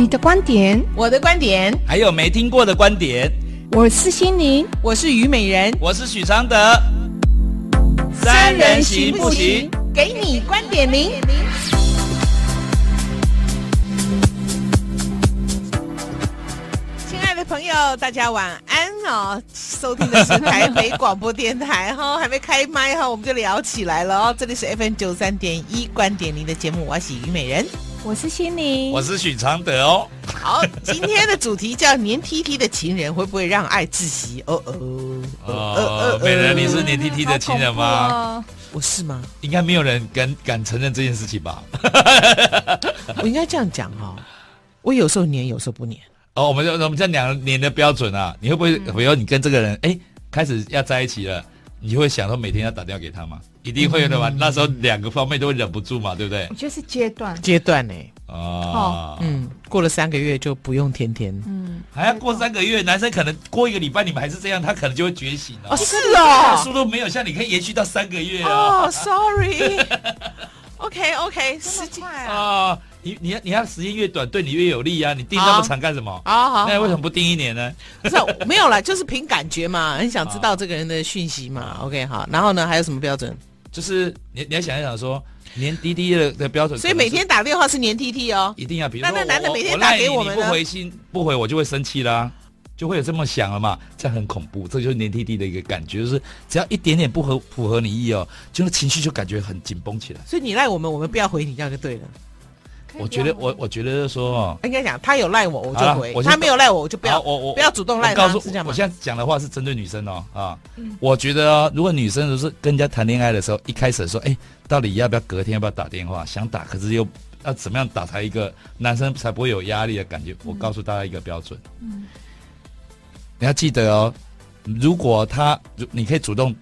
你的觀點，我的觀點，還有沒聽過的觀點。我是心靈，我是虞美人，我是許常德，三人行不行給？給你觀點零。親愛的朋友，大家晚安哦！收聽的是台北廣播電臺哈， 還沒開麥哈、哦，我們就聊起來了哦。這裡是 FM 九三點一觀點零的節目，我是虞美人。我是心靈，我是許常德哦。好，今天的主題叫“黏踢踢”的情人會不會讓愛窒息？哦哦哦哦哦！美人，你是黏踢踢的情人嗎？我是嗎？應該沒有人敢敢承認這件事情吧？ 我應該這樣講哈、哦，我有時候黏，有時候不黏。哦，我們就我們這兩黏的標準啊，你會不會？嗯、比如你跟這個人，哎，開始要在一起了。你會想到每天要打電話給他嗎？嗯、一定會的嘛、嗯。那時候兩個方面都會忍不住嘛，對不對？就是階段，階段呢、欸哦？哦，嗯，過了三個月就不用天天。嗯，還要過三個月，男生可能過一個禮拜你們還是這樣，他可能就會覺醒了、哦。啊、哦，是啊，速度沒有、哦、像你可以延續到三個月哦，哦，sorry。OK，OK，這麼快啊。你你要你要時間越短，對你越有利啊，你定那麼長幹什麼？啊好，好，好，好，那你為什麼不定一年呢？不是、啊、沒有啦，就是憑感覺嘛，很想知道這個人的訊息嘛。OK，好。然後呢，還有什麼標準？就是你你要想一想說，說黏踢踢的的標準，所以每天打電話是黏踢踢哦，一定要比如說。那那男的每天打給我們我你你不，不回信不回，我就會生氣啦、啊，就會有這麼想了嘛？這樣很恐怖，這就是黏踢踢的一個感覺，就是只要一點點不合符合你意哦，就那情緒就感覺很緊繃起來。所以你賴我們，我們不要回你，這樣就對了。我覺得我我覺得說，嗯、應該講他有賴我，我就回；啊、他沒有賴我，我就不要。啊、我我不要主動賴他。我告訴是這樣嗎？我，我現在講的話是針對女生哦，啊、嗯，我覺得哦，如果女生就是跟人家談戀愛的時候，一開始說，哎、欸，到底要不要隔天要不要打電話？想打可是又要怎麼樣打才一個男生才不會有壓力的感覺？嗯、我告訴大家一個標準，嗯，你要記得哦，如果他，你可以主動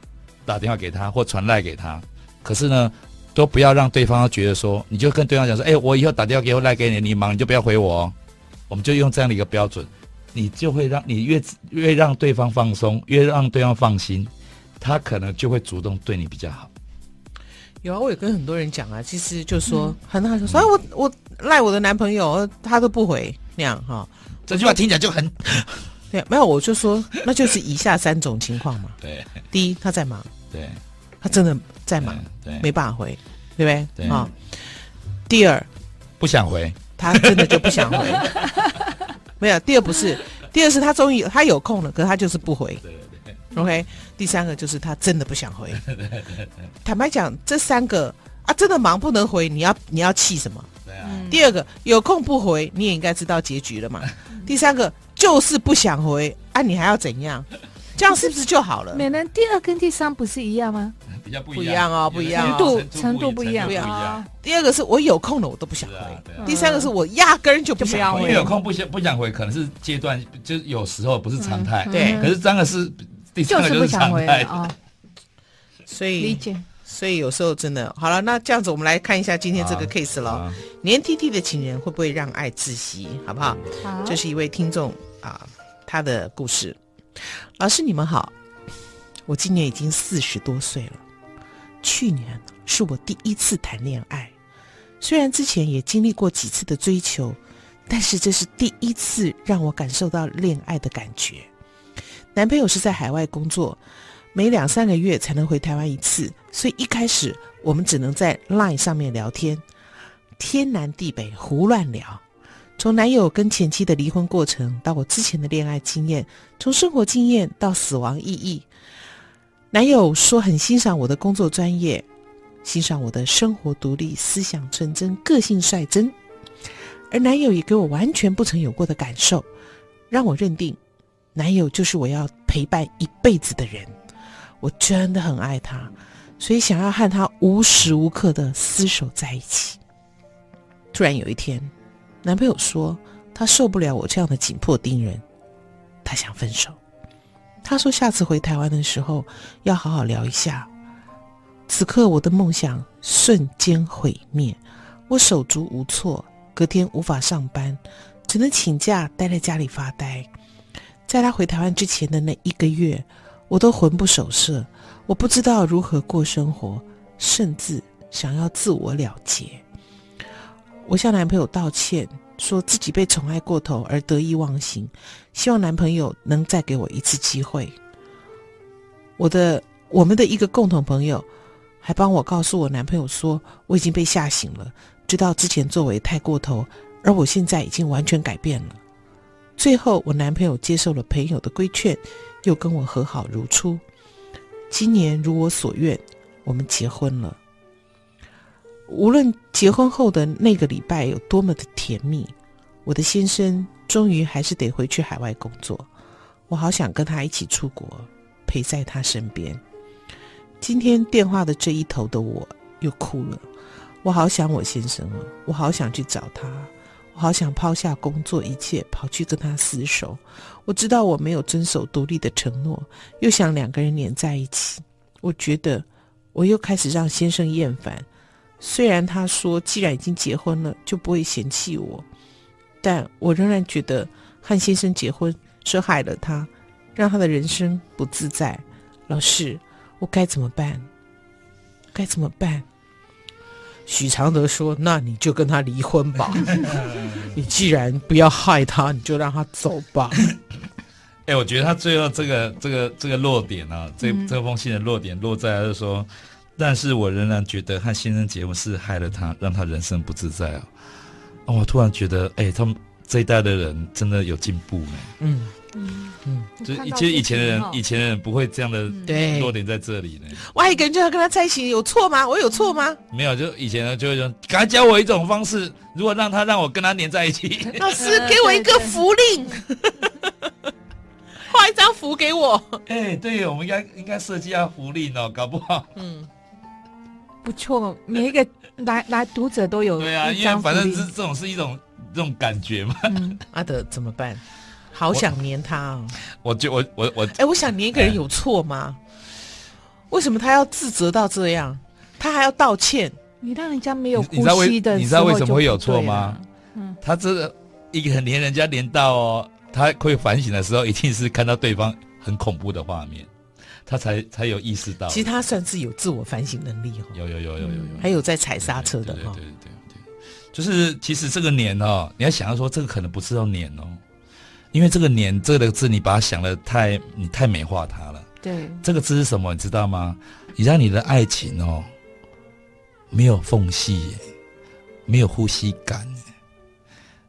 打電話給他或傳賴給他，可是呢？都不要讓對方覺得說，你就跟對方講說，哎、欸，我以後打電話給我賴給你，你忙你就不要回我哦。我們就用這樣的一個標準，你就會讓你越越讓對方放鬆，越讓對方放心，他可能就會主動對你比較好。有啊，我也跟很多人講啊，其實就是說、嗯、很好、嗯。說、啊，哎，我我賴我的男朋友，他都不回那樣哈、哦。這句話聽起來就很 對、啊，沒有我就說，那就是以下三種情況嘛。 對，第一他在忙。對。他真的在忙，沒辦法回，對不對？啊、哦，第二不想回，他真的就不想回， 沒有第二不是，第二是他終於他有空了，可他就是不回。對，對 OK，第三個就是他真的不想回。坦白講，這三個啊，真的忙不能回，你要你要氣什麼？對啊、第二個有空不回，你也應該知道結局了嘛。嗯、第三個就是不想回啊，你還要怎樣？ 這樣是不是就好了？美男。第二跟第三不是一樣嗎？比較不，一不一樣哦，不一樣、哦，程度程度不一樣。不一樣，不一樣、啊。第二個是我有空了，我都不想回、啊啊。第三個是我壓根就不想回。想回有空不想不想回，可能是階段，就是有時候不是常態。對、嗯嗯。可是真的是第三個就是常態啊、就是哦。 所以，所以有時候真的好了，那這樣子我們來看一下今天這個 case 咯。黏 T T 的情人會不會讓愛窒息？好不好？這、嗯啊就是一位聽眾啊，他的故事。老師你們好，我今年已經四十多歲了。去年是我第一次談戀愛，雖然之前也經歷過幾次的追求，但是這是第一次讓我感受到戀愛的感覺。男朋友是在海外工作，每兩三個月才能回台灣一次，所以一開始我們只能在 Line 上面聊天，天南地北胡亂聊。從男友跟前妻的離婚過程，到我之前的戀愛經驗，從生活經驗到死亡意義。男友說很欣賞我的工作專業，欣賞我的生活獨立、思想純真、個性率真，而男友也給我完全不曾有過的感受，讓我認定，男友就是我要陪伴一輩子的人。我真的很愛他，所以想要和他無時無刻的廝守在一起。突然有一天，男朋友說他受不了我這樣的緊迫盯人，他想分手。他說：“下次回台灣的時候要好好聊一下。”此刻我的夢想瞬間毀滅，我手足無措，隔天無法上班，只能請假待在家裡發呆。在他回台灣之前的那一個月，我都魂不守舍，我不知道如何過生活，甚至想要自我了結。我向男朋友道歉。說自己被寵愛過頭而得意忘形，希望男朋友能再給我一次機會。我的，我們的一個共同朋友，還幫我告訴我男朋友說，我已經被嚇醒了，知道之前作為太過頭，而我現在已經完全改變了。最後，我男朋友接受了朋友的規勸，又跟我和好如初。今年如我所願，我們結婚了。無論結婚後的那個禮拜有多麼的甜蜜，我的先生終於還是得回去海外工作。我好想跟他一起出國，陪在他身邊。今天電話的這一頭的我又哭了。我好想我先生啊，我好想去找他，我好想拋下工作一切，跑去跟他厮守。我知道我沒有遵守獨立的承諾，又想兩個人黏在一起。我覺得我又開始讓先生厭煩。雖然他說，既然已經結婚了，就不會嫌棄我，但我仍然覺得和先生結婚是害了他，讓他的人生不自在。老師，我該怎麼辦？該怎麼辦？許常德說：“那你就跟他離婚吧， 你既然不要害他，你就讓他走吧。 ”哎、欸，我覺得他最後這個這個這個落點啊，嗯、這這封信的落點落在就是說。但是我仍然覺得和新人節目是害了他，讓他人生不自在哦。哦，我突然覺得，哎，他們這一代的人真的有進步呢。嗯嗯嗯，嗯就，就其實以前的人，嗯，以前的人不會這樣的弱點，嗯、在這裡呢。我愛一個人就要跟他在一起，有錯嗎？我有錯嗎？嗯、沒有，就以前呢，就是，趕快教我一種方式，如果讓他讓我跟他黏在一起。老師，嗯、給我一個符令，畫，嗯、 一張符給我。哎，對我們應該應該設計下符令哦，搞不好嗯。不錯，每一個來 來，來讀者都有一對啊，因為反正這這種是一種這種感覺嘛。嗯、阿德怎麼辦？好想粘他，啊我。我就我我我，哎、欸，我想黏一個人有錯嗎，嗯？為什麼他要自責到這樣？他還要道歉？你讓人家沒有呼吸的，你知道為什麼會有錯嗎？嗯、他這個，一個黏人家黏到哦，他會反省的時候，一定是看到對方很恐怖的畫面。他才才有意識到，其實他算是有自我反省能力哦。有有有有有、有、嗯、還有在踩剎車的哈、哦。對對對對、對對對對，就是其實這個黏，哦，你要想要說這個可能不是要黏哦，因為這個“黏”這個字，你把它想得太你太美化它了。對，這個字是什麼你知道嗎？你讓你的愛情哦沒有縫隙耶，沒有呼吸感耶，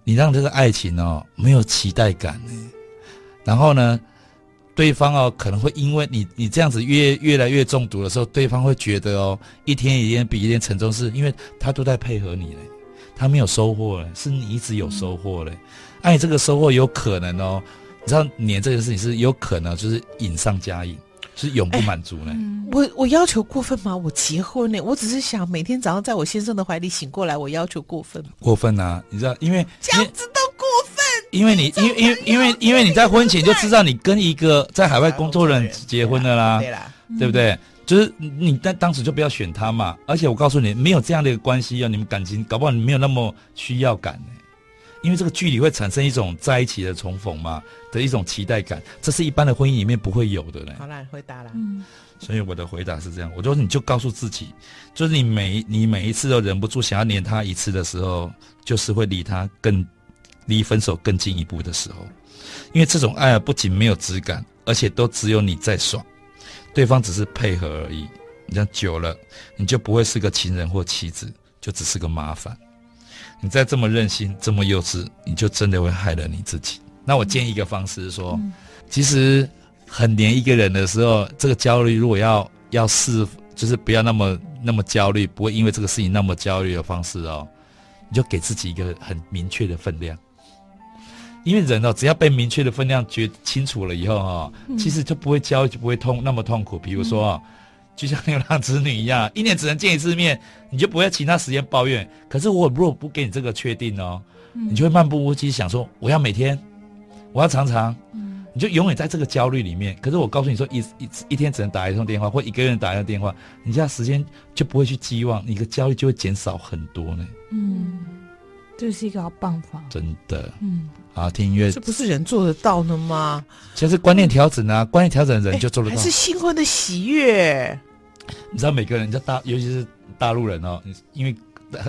你讓這個愛情哦沒有期待感耶，然後呢？對方哦，可能會因為你你這樣子越越來越中毒的時候，對方會覺得哦，一天一天比一天沉重是，是因為他都在配合你嘞，他沒有收穫嘞，是你一直有收穫嘞。愛、嗯啊、這個收穫有可能哦，你知道黏這件事情是有可能就是癮上加癮，就是永不滿足嘞，哎。我我要求過分嗎？我結婚嘞，我只是想每天早上在我先生的懷裡醒過來，我要求過分過分啊，你知道因為這樣子。因為你，因因因為，因為，因為，因為你在婚前就知道你跟一個在海外工作人結婚了啦、嗯、啦、啦，對不對？嗯、就是你在當時就不要選他嘛。而且我告訴你，沒有這樣的一個關係、哦，要你們感情，搞不好你沒有那麼需要感。因為這個距離會產生一種在一起的重逢嘛的一種期待感、嗯，這是一般的婚姻裡面不會有的嘞。好了，回答了。嗯，所以我的回答是這樣，我就說你就告訴自己，就是你每你每一次都忍不住想要黏他一次的時候，就是會離他更。離分手更進一步的時候，因為這種愛啊，不僅沒有質感，而且都只有你在爽，對方只是配合而已。你這樣久了，你就不會是個情人或妻子，就只是個麻煩。你再這麼任性，這麼幼稚，你就真的會害了你自己。那我建議一個方式是說，嗯、其實很黏一個人的時候，這個焦慮如果要要是就是不要那麼那麼焦慮，不會因為這個事情那麼焦慮的方式哦，你就給自己一個很明確的分量。因為人哦，只要被明確的分量覺清楚了以後哦，嗯、其實就不會焦，就不會痛那麼痛苦。比如說、哦嗯，就像牛郎織女一樣，一年只能見一次面，你就不會要其他時間抱怨。可是我如果不給你這個確定哦，嗯、你就會漫不經心想說我要每天，我要常常、嗯，你就永遠在這個焦慮裡面。可是我告訴你說，一一一天只能打一通電話，或一個月打一通電話，你這樣時間就不會去寄望，你的焦慮就會減少很多呢。嗯，這、就是一個好辦法，真的。嗯。好，聽音樂，這不是人做得到的嗎？其實觀念調整呢、嗯，觀念調整，人就做得到。欸、是新婚的喜悅，你知道，每個人在大，尤其是大陸人哦，因為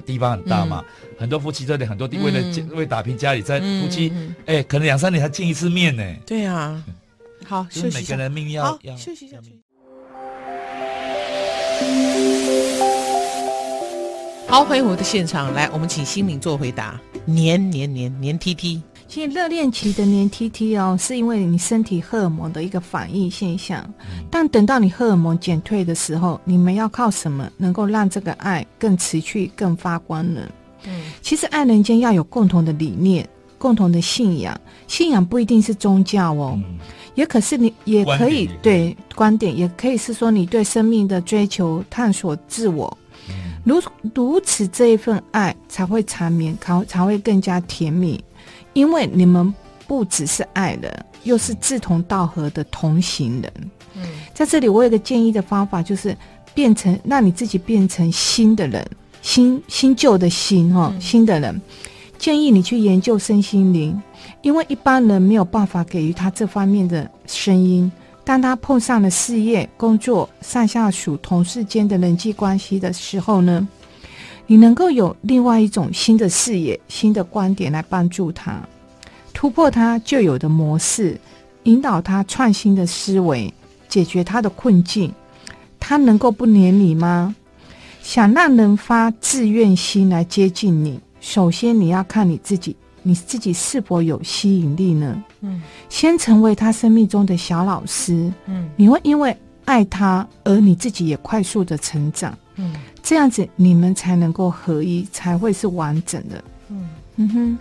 地方很大嘛，嗯、很多夫妻這裡很多地，為了、嗯、為了打拼家裡，在夫妻，哎、嗯欸，可能兩三年才見一次面呢、欸。對啊，好休息一下。好、就是每個人命要，休息一下。好，好歡迎我們的現場。來，我們請新民做回答。嗯、黏黏黏黏踢踢。其實熱戀期的黏 t t 哦，是因為你身體荷爾蒙的一個反應現象、嗯。但等到你荷爾蒙減退的時候，你們要靠什麼能夠讓這個愛更持續、更發光呢？對、嗯，其實愛人間要有共同的理念、共同的信仰。信仰不一定是宗教哦，嗯、也可是你也可以對觀點，觀點也可以是說你對生命的追求、探索自我。如如此，這一份愛才會纏綿，才才會更加甜蜜。因為你們不只是愛人，又是志同道合的同行人。嗯，在這裡我有個建議的方法，就是變成讓你自己變成新的人，新新舊的新哈、哦，新的人。嗯。建議你去研究身心靈，因為一般人沒有辦法給予他這方面的聲音。當他碰上了事業、工作、上下屬、同事間的人際關係的時候呢，你能夠有另外一種新的視野、新的觀點來幫助他突破他舊有的模式，引導他創新的思維，解決他的困境。他能夠不黏你嗎？想讓人發自願心來接近你，首先你要看你自己，你自己是否有吸引力呢？嗯，先成為他生命中的小老師。嗯，你會因為愛他而你自己也快速的成長。嗯，這樣子你們才能夠合一，才會是完整的。嗯嗯哼，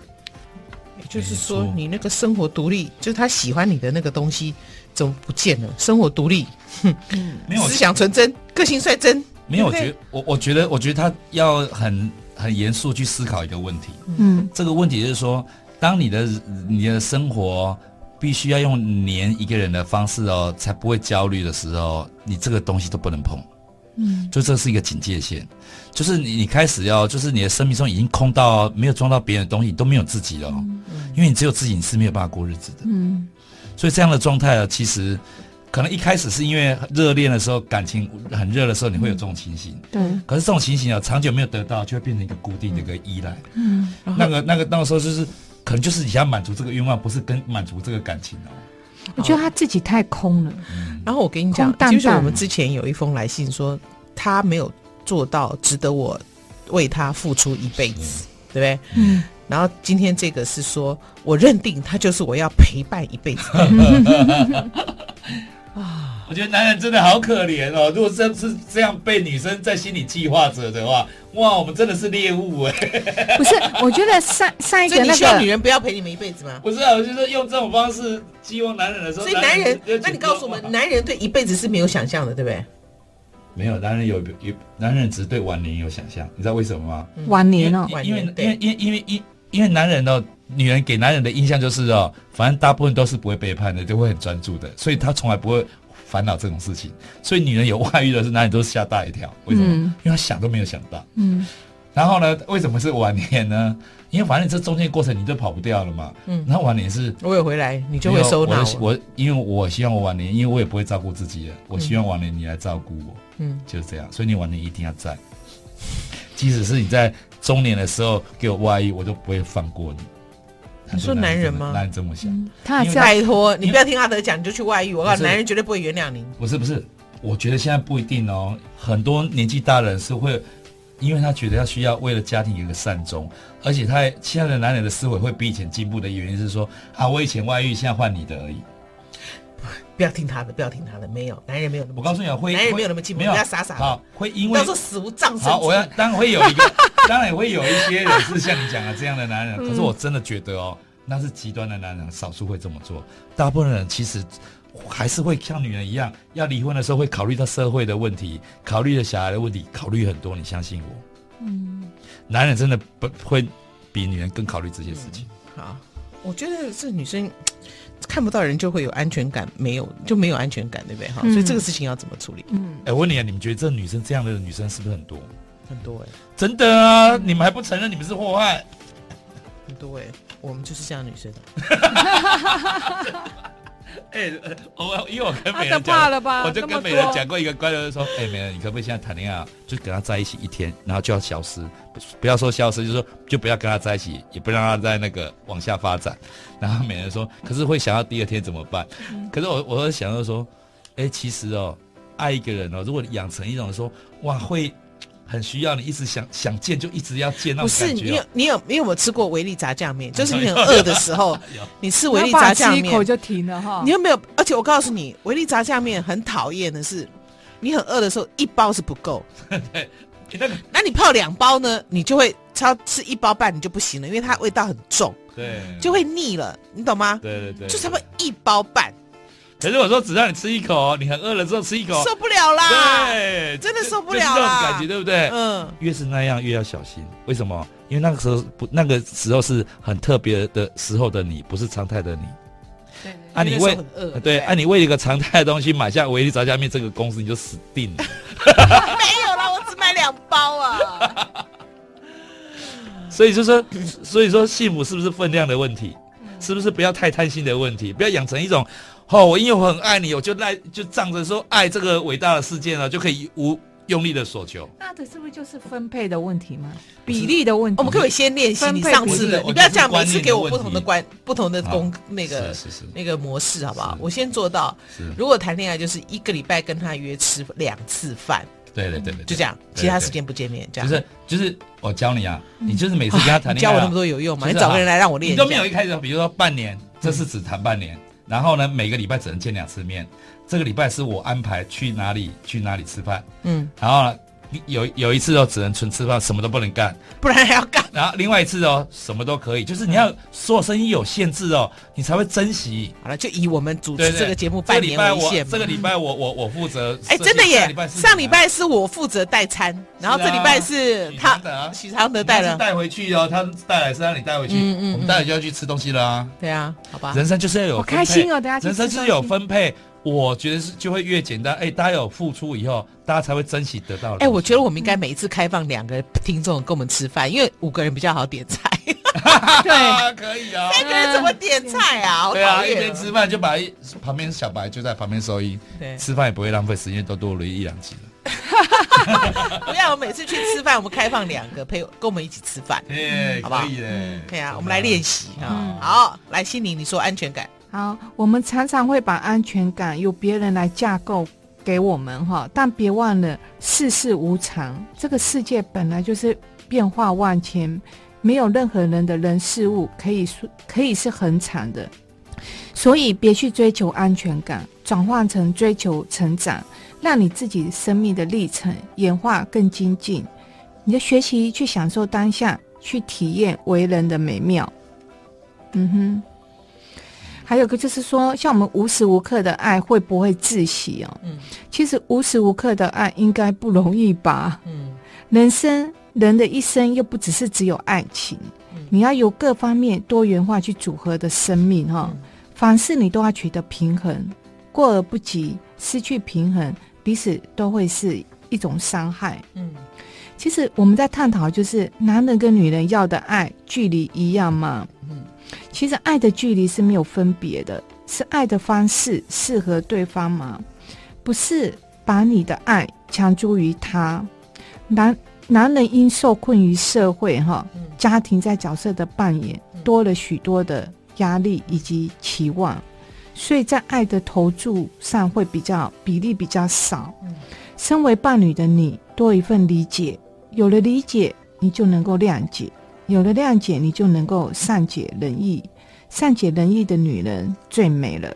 也就是說，你那個生活獨立，就他喜歡你的那個東西，怎麼不見了？生活獨立，嗯， 沒有，思想純真，個性率真。沒有，對對我覺我我覺得，我覺得他要很很嚴肅去思考一個問題。嗯，這個問題就是說，當你的你的生活必須要用黏一個人的方式哦，才不會焦慮的時候，你這個東西都不能碰。嗯，就這是一個警戒線，就是你你開始要，就是你的生命中已經空到沒有裝到別人的東西，你都沒有自己了哦，嗯，因為你只有自己，你是沒有辦法過日子的，嗯，所以這樣的狀態啊，其實可能一開始是因為熱戀的時候，感情很熱的時候，你會有這種情形，對，可是這種情形啊，長久沒有得到，就會變成一個固定的一個依賴，嗯，那個那個到時候就是可能就是你想要滿足這個願望，不是跟滿足這個感情哦我覺得他自己太空了，然後我跟你講，就是我們之前有一封來信說他沒有做到值得我為他付出一輩子，對不對？嗯。然後今天這個是說我認定他就是我要陪伴一輩子的人啊。 我覺得男人真的好可憐哦！如果是這樣被女生在心裡計劃着的話，哇，我們真的是獵物哎！不是，我覺得上上一個、那個、所以你需要女人不要陪你們一輩子嗎？不是啊，我就是說用這種方式激怒男人的時候。所以男人，男人，那你告訴我們，男人對一輩子是沒有想象的，對不對？沒有，男人有有，男人只是對晚年有想象。你知道為什麼嗎？晚年哦，因為因為因為因為，因為，因為，因為男人哦，女人給男人的印象就是哦，反正大部分都是不會背叛的，都會很專注的，所以他從來不會。煩惱這種事情，所以女人有外遇的是男人都嚇大一跳。為什麼？嗯、因為她想都沒有想到。嗯。然後呢？為什麼是晚年呢？因為反正這中間過程你都跑不掉了嘛。嗯。那晚年是，我有回來，你就會收到我。我，我因為我希望我晚年，因為我也不會照顧自己了，我希望晚年你來照顧我。嗯。就是這樣，所以你晚年一定要在。即使是你在中年的時候給我外遇，我都不會放過你。你說男人嗎？男人這麼想，嗯，他，他拜托你不要聽阿德講，你就去外遇，我告訴你，男人絕對不會原諒你。不是不是，我覺得現在不一定哦。很多年紀大的人是會，因為他覺得他需要為了家庭有一個善終，而且他現在的男人的思維會比以前進步的原因是說，啊，我以前外遇，現在換你的而已。不要聽他的，不要聽他的，沒有男人沒有我告訴你啊，會男人沒有那麼寂寞，不要傻傻的。好，會因為都死無葬身。我要當然會有一個， 當然也會有一些人是像你講的這樣的男人、 嗯。可是我真的覺得哦，那是極端的男人，少數會這麼做。大部分人其實還是會像女人一樣，要離婚的時候會考慮到社會的問題，考慮到小孩的問題，考慮很多。你相信我？嗯，男人真的不會比女人更考慮這些事情、嗯。好，我覺得是女生。看不到人就會有安全感，沒有就沒有安全感，對不對？哈、嗯，所以這個事情要怎麼處理？嗯，哎、欸，問你啊，你們覺得這女生這樣的女生是不是很多？很多哎、欸，真的啊、嗯，你們還不承認你們是禍害？很多哎、欸，我們就是這樣女生的。 哎、欸，我因為我跟美人講，我就跟美人講過一個觀點，說，哎、欸，美人，你可不可以現在談戀愛，啊？就跟他在一起一天，然後就要消失，不要說消失，就是說，就不要跟他在一起，也不讓他在那個往下發展。然後美人說，可是會想到第二天怎麼辦？嗯、可是我，我都想到說，哎、欸，其實哦，愛一個人哦，如果養成一種說，哇，會。很需要你一直想想見就一直要見到、哦、不是，你有你有你有沒有吃過維力炸醬麵？就是你很餓的時候，你吃維力炸醬麵，你一口就停了哈。你有沒有，而且我告訴你，維力炸醬麵很討厭的是，你很餓的時候一包是不夠。那個、你泡兩包呢？你就會超吃一包半，你就不行了，因為它味道很重，對，就會膩了，你懂嗎？對對對，對，對，就差不多一包半。可是我說，只讓你吃一口，你很餓了之後吃一口，受不了啦！對，真的受不了啊！這、就是、這種感覺對不對？嗯，越是那樣，越要小心。為什麼？因為那個時候不，那個時候是很特別的時候的你，不是常態的你。對，對,對。啊你，為餓啊你為對啊，你為一個常態的東西買下維力炸醬麵這個公司，你就死定了。 沒有啦，我只買兩包啊。 所以就說，所以說，幸福是不是分量的問題？是不是不要太貪心的問題？不要養成一種。哦，我因為我很愛你，我就賴就仗着說愛這個偉大的事件了，就可以無用力的索求。那這是不是就是分配的問題嗎？比例的問題？我們可,可以先練習分配上次的，的你不要這樣每次給我不同的關、不同的工、啊、那個是是是是、那個模式，好不好？我先做到是。如果談戀愛就是一個禮拜跟他約吃兩次飯，對對對對，就這樣，其他時間不見面。這、嗯、樣、嗯嗯。就是就是我教你啊、嗯，你就是每次跟他談戀愛、啊，啊、教我那麼多有用嗎、就是啊？你找個人來讓我練，你都沒有一開始，比如說半年，這是只談半年。嗯然後呢，每個禮拜只能見兩次面。這個禮拜是我安排去哪裡，去哪裡吃飯。嗯，然後呢。有有一次哦，只能純吃飯，什麼都不能幹，不然還要幹。然後另外一次哦，什麼都可以，就是你要做生意有限制哦、嗯，你才會珍惜。好了，就以我們主持這個節目對對對半年為限。這個禮拜我、嗯、我我負責。哎、欸，真的耶！上禮拜是我負責帶餐，然後這禮拜是他。等啊，喜帶了。帶回去哦，他帶來是讓你帶回去。嗯嗯嗯、我們待會就要去吃東西了啊。對啊，好吧。人生就是要有分配、哦。開心哦，大家。人生就是有分配。我覺得是就會越簡單，哎、欸，大家有付出以後，大家才會珍惜得到的。哎、欸，我覺得我們應該每一次開放兩個聽眾跟我們吃飯，因為五個人比較好點菜。 對、啊，可以啊、哦。三個人怎麼點菜啊？對啊，一邊吃飯就把旁邊小白就在旁邊收音，對，吃飯也不會浪費時間，都多了一兩集了。 不要，我們，每次去吃飯我們開放兩個陪跟我們一起吃飯，哎、嗯，好，好可以可以、嗯、啊。我們來練習啊，好，來，心靈，你說安全感。好，我們常常會把安全感由別人來架構給我們哈，但別忘了世事無常，這個世界本來就是變化萬千，沒有任何人的人事物可以是可以是恆常的，所以別去追求安全感，轉換成追求成長，讓你自己生命的歷程演化更精進，你的學習去享受當下，去體驗為人的美妙。嗯哼。還有個就是說，像我們無時無刻的愛會不會窒息哦？嗯，其實無時無刻的愛應該不容易吧？嗯，人生人的一生又不只是只有愛情，嗯、你要有各方面多元化去組合的生命哈、哦嗯。凡事你都要取得平衡，過而不及，失去平衡，彼此都會是一種傷害。嗯，其實我們在探討就是男人跟女人要的愛距離一樣嗎？嗯。其實愛的距離是沒有分別的，是愛的方式適合對方嗎？不是，把你的愛強諸於他。男男人因受困於社會哈，家庭在角色的扮演多了許多的壓力以及期望，所以在愛的投注上會比較比例比較少。身為伴侶的你多一份理解，有了理解你就能夠諒解。有了諒解，你就能夠善解人意。善解人意的女人最美了。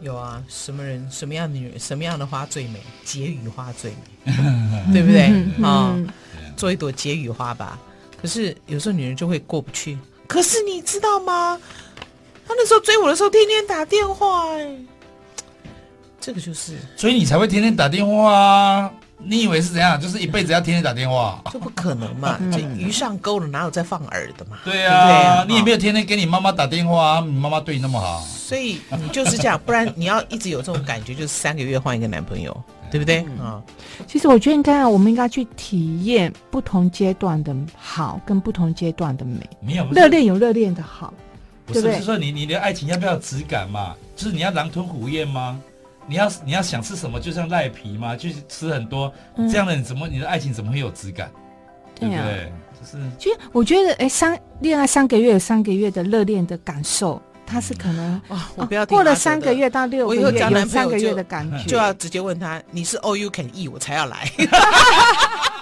有啊，什麼人、什麼樣的女人、什麼樣的花最美？解語花最美， 對不對啊， 哦，做一朵解語花吧。可是有時候女人就會過不去。可是你知道嗎？他那時候追我的時候，天天打電話欸。這個就是，所以你才會天天打電話啊。你以為是怎樣？就是一輩子要天天打電話？這不可能嘛！魚上鈎了，哪有再放餌的嘛？對啊對對，你也沒有天天給你媽媽打電話，你媽媽對你那麼好。所以你就是這樣，不然你要一直有這種感覺，就是三個月換一個男朋友，對不對？嗯。嗯其實我覺得，你看，我們應該去體驗不同階段的好，跟不同階段的美。沒有，熱戀有熱戀的好，不是？對不對，不是，就是、說你你的愛情要不要質感嘛？就是你要狼吞虎嚥嗎？你要你要想吃什麼，就像賴皮嘛，就吃很多，嗯、這樣的，怎麼你的愛情怎麼會有質感？嗯、對對、對、啊。就是其實我覺得，哎，欸，三戀愛三個月有三個月的熱戀的感受，他是可能，嗯哦，我不要哦，過了三個月到六個月我以後三個月的感覺就，就要直接問他，你是 all you can eat 我才要來。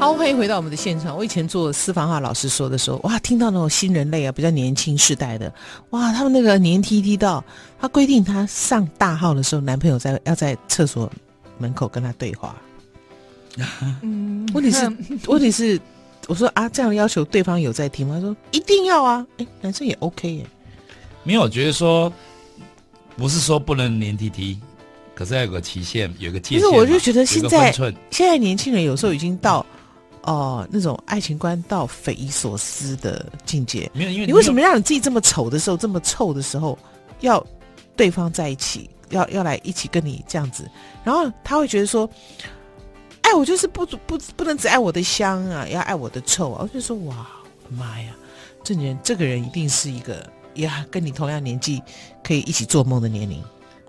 好，歡迎回到我們的現場。我以前做私房話，老師說的時候，哇，聽到那種新人類啊，比較年輕世代的，哇，他們那個黏 T T 到，他規定他上大號的時候，男朋友在要在廁所門口跟他對話。嗯，問題是，問題是， 我說啊，這樣的要求對方有在聽嗎？他說一定要啊，哎，男生也 OK 耶。沒有，我覺得說，不是說不能黏 T T，可是要有個期限，有個界限。可是我就覺得現在，現在年輕人有時候已經到。嗯嗯哦、呃，那種愛情觀到匪夷所思的境界。沒有，因為你，你為什麼讓你自己這麼醜的時候，這麼臭的時候，要對方在一起，要要來一起跟你這樣子？然後他會覺得說，愛、哎、我就是不不不能只愛我的香啊，要愛我的臭啊。我就說，哇，媽呀，這人這個人一定是一個，呀，跟你同樣年紀可以一起做夢的年齡。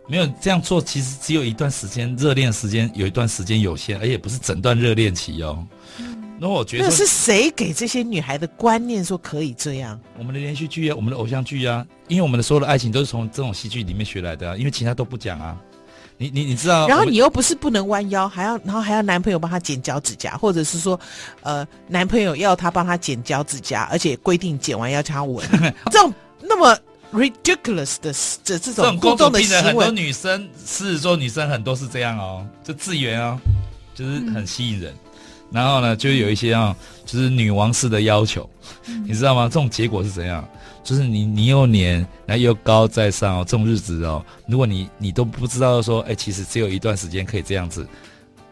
沒有這樣做，其實只有一段時間熱戀時間，有一段時間有限，而且不是整段熱戀期哦。嗯那我覺得那是誰給這些女孩的觀念說可以這樣？我們的連續劇啊，我們的偶像劇啊，因為我們的所有的愛情都是從這種戲劇裡面學來的啊，因為其他都不講啊。你你你知道？然後你又不是不能彎腰，還要然後還要男朋友幫他剪腳趾甲，或者是說，呃，男朋友要他幫他剪腳趾甲，而且規定剪完要他吻。 這種那麼 ridiculous 的這這種互動的行為，很多女生，獅子座女生很多是這樣哦，這自圓哦，就是很吸引人。嗯然後呢，就有一些像、啊、就是女王式的要求、嗯，你知道嗎？這種結果是怎樣？就是你你又黏，然後又高在上哦，這種日子哦，如果你你都不知道說，哎、欸，其實只有一段時間可以這樣子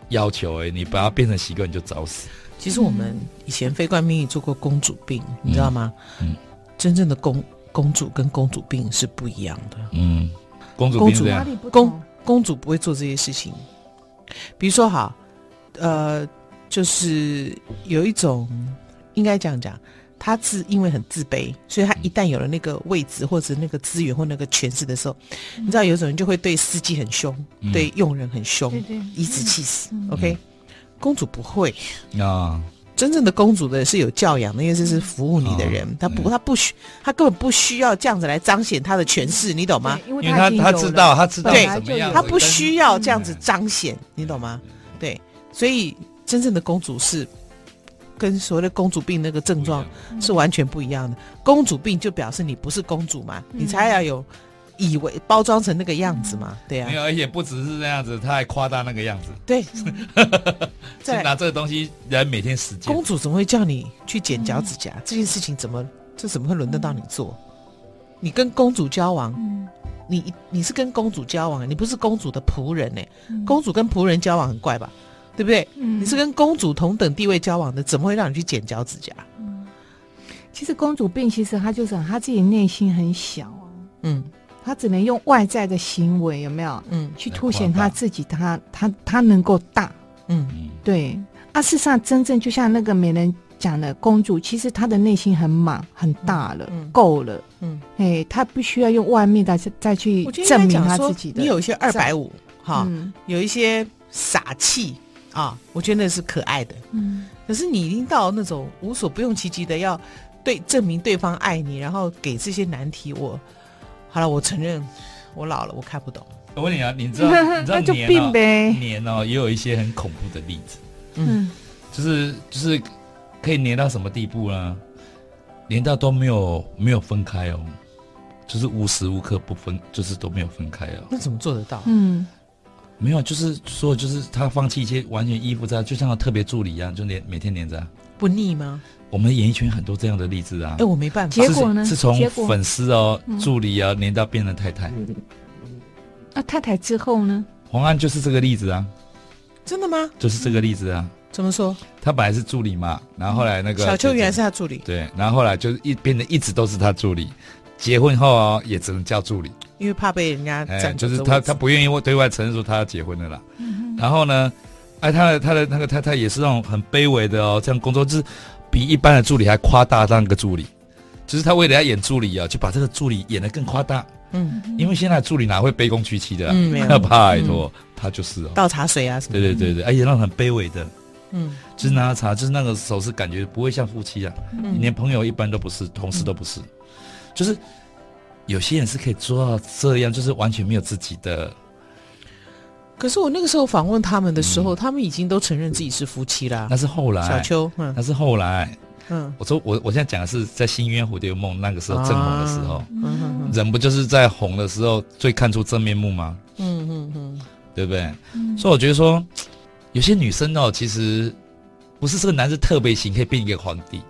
要求、欸，哎，你把它變成習慣，你就找死、嗯。其實我們以前非官命，也做過公主病，你知道嗎？嗯，嗯真正的公公主跟公主病是不一樣的。嗯，公主，公主哪裡不同？公主不會做這些事情，比如說哈，呃。就是有一種，應該這樣講，他自因為很自卑，所以他一旦有了那個位置或者，個或者那個資源或那個權勢的時候，嗯、你知道，有種人就會對司機很凶，嗯、對傭人很凶，對對頤指氣使。OK，、嗯、公主不會、哦、真正的公主的是有教養的，因為這是服務你的人，他、哦、不，他不，不需，他根本不需要這樣子來彰顯他的權勢，你懂嗎？因為他他知道，他知道他不需要這樣子彰顯，嗯、你懂嗎？對，對對對所以。真正的公主是跟所謂的公主病那個症狀是完全不一樣的。公主病就表示你不是公主嘛，你才要有以為包裝成那個樣子嘛，對啊，沒有，而且不只是那樣子，他還誇大那個樣子。對， 在拿這個東西，人每天使勁，公主怎麼會叫你去剪腳趾甲？嗯、這件事情怎麼這怎麼會輪得到你做？你跟公主交往，嗯、你你是跟公主交往，你不是公主的僕人呢、欸嗯。公主跟僕人交往很怪吧？對不對、嗯？你是跟公主同等地位交往的，怎麼會讓你去剪腳趾甲、嗯？其實公主病，其實她就是她自己內心很小、啊。嗯，她只能用外在的行為有沒有？嗯，去凸顯她自己，她她她能夠大。嗯對嗯啊，事實上，真正就像那個美人講的，公主其實她的內心很滿、很大了，嗯嗯、夠了。嗯，哎，她不需要用外面的再去證明她自己的。你有一些二百五，哈，有一些傻氣。啊、哦，我覺得那是可愛的。嗯，可是你已經到那種無所不用其極的要對證明對方愛你，然後給這些難題我。我好了，我承認我老了，我看不懂。我、嗯、問你啊、嗯，你知道？嗯，你知道黏喔、那就病唄。黏哦、喔，也有一些很恐怖的例子。嗯，就是就是可以黏到什麼地步啦？黏到都沒有沒有分開哦、喔，就是無時無刻不分，就是都沒有分開哦。那怎麼做得到？嗯。沒有，就是說，就是他放棄一些完全依附在，就像個特別助理一樣，就連每天黏著，不膩嗎？我們演藝圈很多這樣的例子啊。哎、欸，我沒辦法。結果呢？是，是從粉絲哦，助理啊，黏到變成太太。那、嗯啊、太太之後呢？黃安就是這個例子啊。真的嗎？就是這個例子啊。嗯、怎麼說？他本來是助理嘛，然後後來那個、嗯、小秋原來是他助理，對，然後後來就是一變得一直都是他助理， 結婚後哦，也只能叫助理。因為怕被人家、哎，就是他，他不願意對外承認說他要結婚的啦、嗯。然後呢，哎，他的他的那個太太也是那種很卑微的哦，這樣工作就是比一般的助理還誇大那個助理，就是他為了要演助理啊、哦，就把這個助理演得更誇大。嗯，因為現在助理哪會卑躬屈膝的、啊嗯啊？沒有，拜托、嗯，他就是、哦、倒茶水啊什麼。對對對對，而且那種很卑微的，嗯，就是拿茶，就是那個手勢感覺不會像夫妻啊，你、嗯、連朋友一般都不是，同事都不是，嗯、就是。有些人是可以做到這樣，就是完全沒有自己的。可是我那個時候訪問他們的時候，嗯、他們已經都承認自己是夫妻啦、啊。那是後來，小秋、嗯，那是後來。嗯，我說我我現在講的是在《新鴛鴦蝴蝶夢》那個時候、啊、正紅的時候、嗯哼哼，人不就是在紅的時候最看出真面目嗎？嗯嗯嗯，對不對、嗯？所以我覺得說，有些女生哦，其實不是這個男人特別行，可以變一個皇帝。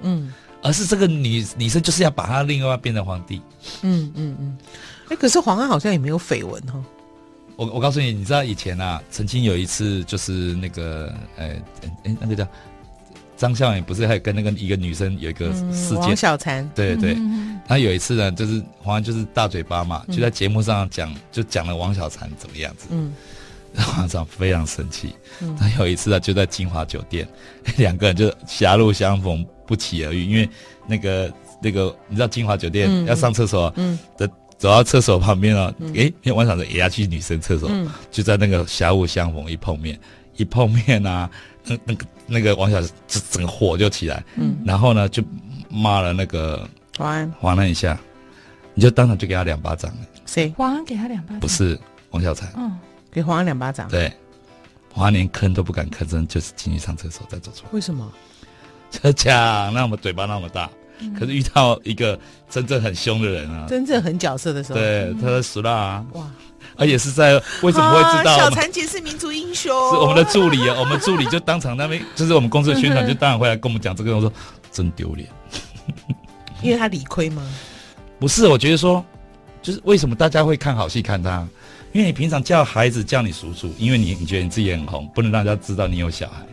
嗯。而是這個女女生就是要把她另外變成皇帝。嗯嗯嗯。哎、嗯欸，可是黃安好像也沒有緋聞哈。我我告訴你，你知道以前啊，曾經有一次就是那個，哎、欸、哎、欸、那個叫張孝遠，不是還跟那個一個女生有一個事件、嗯？王小嬋。對對對。嗯嗯、他有一次呢，就是黃安就是大嘴巴嘛，嗯、就在節目上講，就講了王小嬋怎麼樣子。嗯。黃安非常生氣、嗯。他有一次呢，就在金華酒店，兩個人就狹路相逢，不期而遇，因為那個那個，你知道金華酒店要上廁所，嗯，走、嗯、走到廁所旁邊了，哎、嗯，因為王小才也要去女生廁所、嗯，就在那個狹路相逢一碰面，一碰面啊，那那個那個王小才整個火就起來，嗯，然後呢就罵了那個黃安，黃安一下，你就當場就給他兩巴掌了，誰黃安給他兩巴掌？不是王小才，嗯，給黃安兩巴掌，對，黃安連吭都不敢吭聲，真就是進去上廁所再走出來，為什麼？他講、啊，那我們嘴巴那麼大、嗯，可是遇到一個真正很兇的人啊！真正很角色的時候，對，他的實話啊。哇，而且是在為什麼會知道、啊？小嬋姐是民族英雄。是我們的助理啊， 我們助理就當場那邊，就是我們公司的宣傳 就當場回來跟我們講這個，我說真丟臉， 因為他理虧嗎？不是，我覺得說，就是為什麼大家會看好戲看他？因為你平常叫孩子叫你叔叔，因為你你覺得你自己很紅，不能讓大家知道你有小孩。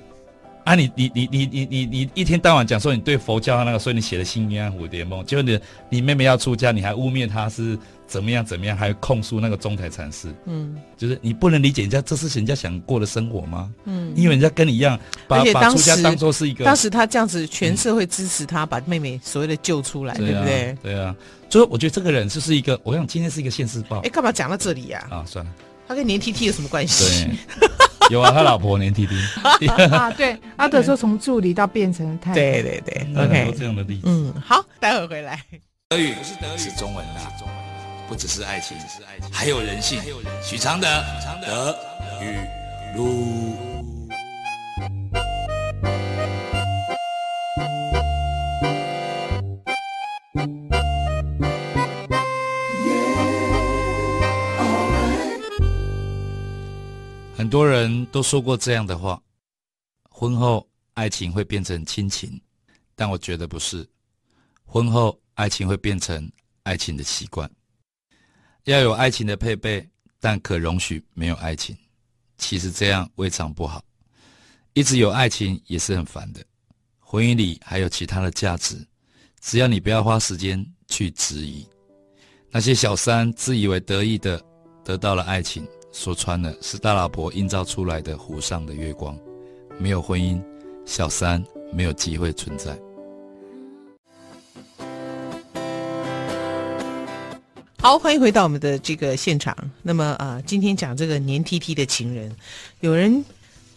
啊你，你你你你你你你一天到晚講說你對佛教那個，所以你寫了《新鴛鴦蝴蝶夢》，就是你你妹妹要出家，你還污衊她是怎麼樣怎麼樣，還控訴那個中台禪師，嗯，就是你不能理解人家這是人家想過的生活嗎？嗯，因為人家跟你一樣把當把出家當作是一個，當時他這樣子，全社會支持他把妹妹所謂的救出來，對、啊、對不對、對、啊？對啊，所以我覺得這個人就是一個，我想今天是一個現實報。哎、欸，幹嘛講到這裡呀、啊？啊，算了，他跟連 T T 有什麼關係？ 對。 有啊，他老婆黏踢踢。 啊，對，阿、啊、德說從助理到變成太太， 對對對，OK，這樣的例子， 嗯，好，待會兒回來。德語不是德語，是中文啦，不只是愛情，還有人性。許常德德，德語如很多人都說過這樣的話：婚後愛情會變成親情，但我覺得不是。婚後愛情會變成愛情的習慣，要有愛情的配備，但可容許沒有愛情。其實這樣未嘗不好。一直有愛情也是很煩的。婚姻裡還有其他的價值，只要你不要花時間去質疑那些小三，自以為得意的得到了愛情。說穿了，是大老婆映照出來的湖上的月光，沒有婚姻，小三沒有機會存在。好，歡迎回到我們的這個現場。那麼啊、呃，今天講這個黏踢踢的情人，有人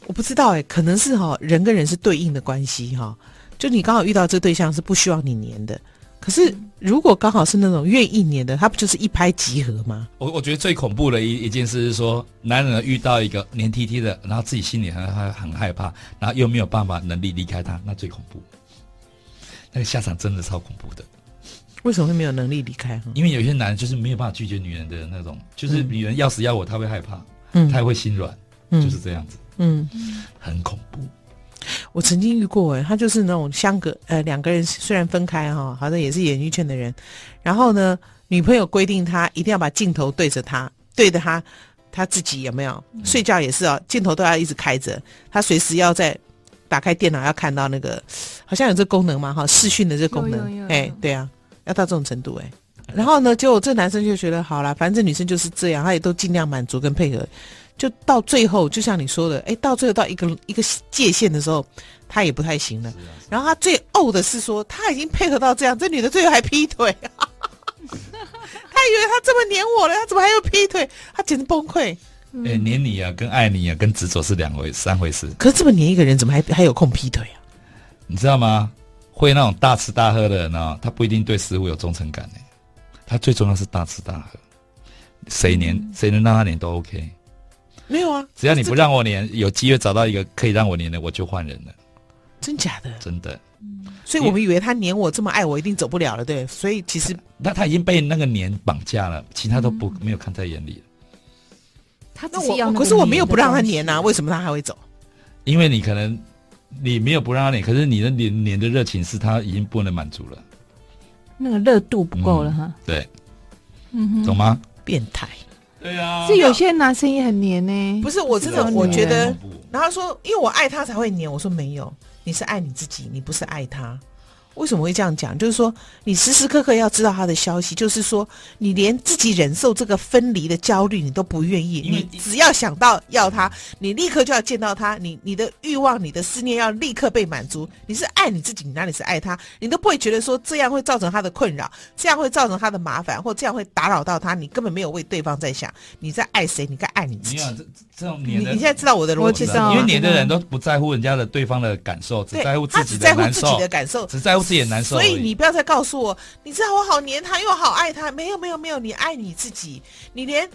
我不知道哎，可能是哈、哦、人跟人是對應的關係哈、哦，就你剛好遇到這對象是不需要你黏的。可是，如果剛好是那種願意黏的，他不就是一拍即合嗎？我我覺得最恐怖的一一件事是說，男人遇到一個黏踢踢的，然後自己心裡還還很害怕，然後又沒有辦法能力離開他，那最恐怖，那個下場真的超恐怖的。為什麼會沒有能力離開？因為有些男人就是沒有辦法拒絕女人的那種，就是女人要死要活，他會害怕，嗯，他也會心軟，嗯，就是這樣子，嗯，很恐怖。我曾經遇過誒、欸，他就是那種相隔，呃兩個人雖然分開哈，好像也是演藝圈的人，然後呢，女朋友規定他一定要把鏡頭對着他，對着他，他自己有沒有、嗯、睡覺也是要、喔、鏡頭都要一直開着，他隨時要在打開電腦要看到那個，好像有這功能嘛哈，視訊的這功能，哎、欸、對啊，要到這種程度誒、欸。然後呢，結果這男生就覺得好了，反正這女生就是這樣，他也都盡量滿足跟配合。就到最後，就像你說的，哎、欸，到最後到一個一個界限的時候，他也不太行了。啊啊、然後他最嘔的是說，他已經配合到這樣，這女的最後還劈腿。 他以為他這麼黏我了，他怎麼還要劈腿？他簡直崩潰。哎、欸，黏你啊，跟愛你啊，跟執着是兩回三回事。可是這麼黏一個人，怎麼還還有空劈腿啊？你知道嗎？會那種大吃大喝的人呢、哦，他不一定對食物有忠誠感。他最重要是大吃大喝，誰黏誰、嗯、能讓他黏都 OK。沒有啊，只要你不讓我黏，這個、有機會找到一個可以讓我黏的，我就換人了。真假的？真的。嗯、所以，我們以為，為他黏我這麼愛我，一定走不了了，對？所以，其實那他已經被那個黏綁架了，其他都不、嗯、沒有看在眼裡。他自己要我，可是我沒有不讓他黏吶、啊，為什麼他還會走？因為你可能你沒有不讓他黏，可是你的黏黏的熱情是他已經不能滿足了。那個熱度不夠了哈、嗯。對。嗯哼，懂嗎？變態。對呀、啊，是有些男生也很黏呢、欸。不是，我真的我覺得、啊，然後說，因為我愛他才會黏。我說沒有，你是愛你自己，你不是愛他。為什麼會這樣講？就是說，你時時刻刻要知道他的消息。就是說，你連自己忍受這個分離的焦慮，你都不願意。你只要想到要他，你立刻就要見到他。你你的慾望、你的思念要立刻被滿足。你是愛你自己，你哪裡是愛他？你都不會覺得說這樣會造成他的困擾，這樣會造成他的麻煩，或這樣會打擾到他。你根本沒有為對方在想。你在愛誰？你該愛你自己。啊、你你現在知道我的邏輯了嗎？因為年輕人都不在乎人家的對方的感受，只在乎自己的感受。他、啊、只在乎自己的感受，只在乎。也難受，所以你不要再告訴我，你知道我好黏他，又好愛他。沒有沒有沒有，你愛你自己，你連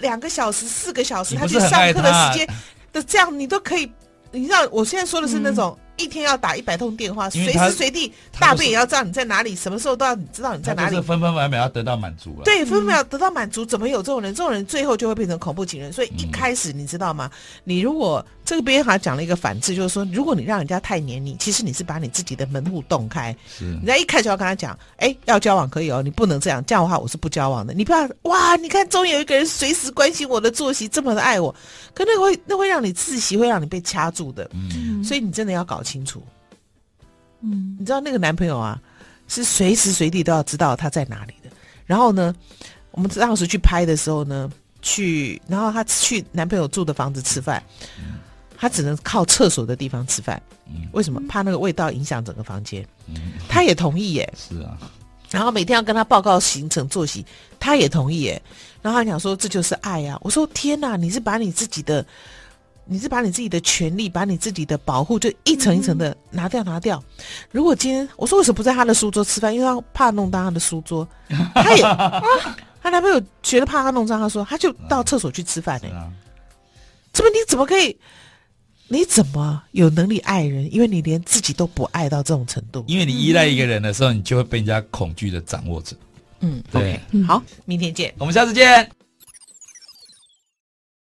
兩個小時、四個小時他去上課的時間的、啊、這樣你都可以。你知道我現在說的是那種。嗯一天要打一百通電話，隨時隨地，大便也要知道你在哪裡，就是、什麼時候都要你知道你在哪裡。是分分秒秒要得到滿足啊。對，分分秒得到滿足，怎麼有這種人？這種人最後就會變成恐怖情人。所以一開始你知道嗎？嗯、你如果這個邊還講了一個反制，就是說，如果你讓人家太黏你，其實你是把你自己的門戶洞開。是，人家一開始要跟他講，哎，要交往可以哦，你不能這樣，這樣的話我是不交往的。你不要哇，你看終於有一個人隨時關心我的作息，這麼的愛我，可那會那會讓你窒息，會讓你被掐住的。嗯，所以你真的要搞。清楚，嗯，你知道那個男朋友啊，是隨時隨地都要知道他在哪裡的。然後呢，我們當時去拍的時候呢，去，然後他去男朋友住的房子吃飯，他只能靠廁所的地方吃飯，為什麼？怕那個味道影響整個房間。他也同意耶，是啊。然後每天要跟他報告行程作息，他也同意耶、欸。然後他想說這就是愛啊。我說天哪，你是把你自己的。你是把你自己的權利，把你自己的保護，就一層一層的拿掉、嗯、拿掉。如果今天我說，為什麼不在他的書桌吃飯，因為他怕弄髒他的書桌。 他也，啊、他男朋友覺得怕他弄髒，他說他就到廁所去吃飯呢、欸啊。這不，你怎麼可以？你怎麼有能力愛人？因為你連自己都不愛到這種程度。因為你依賴一個人的時候，嗯、你就會被人家恐懼的掌握着嗯。嗯，對，好，明天見，我們下次見。